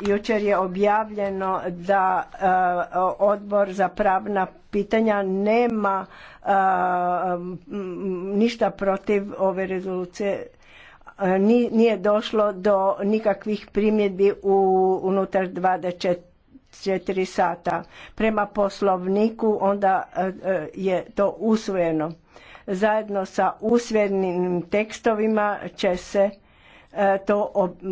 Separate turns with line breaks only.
Jučer je objavljeno da e, odbor za pravna pitanja nema e, ništa protiv ove rezolucije. E, nije došlo do nikakvih primjedbi u unutar 24 sata. Prema poslovniku onda je to usvojeno. Zajedno sa usvojenim tekstovima će se to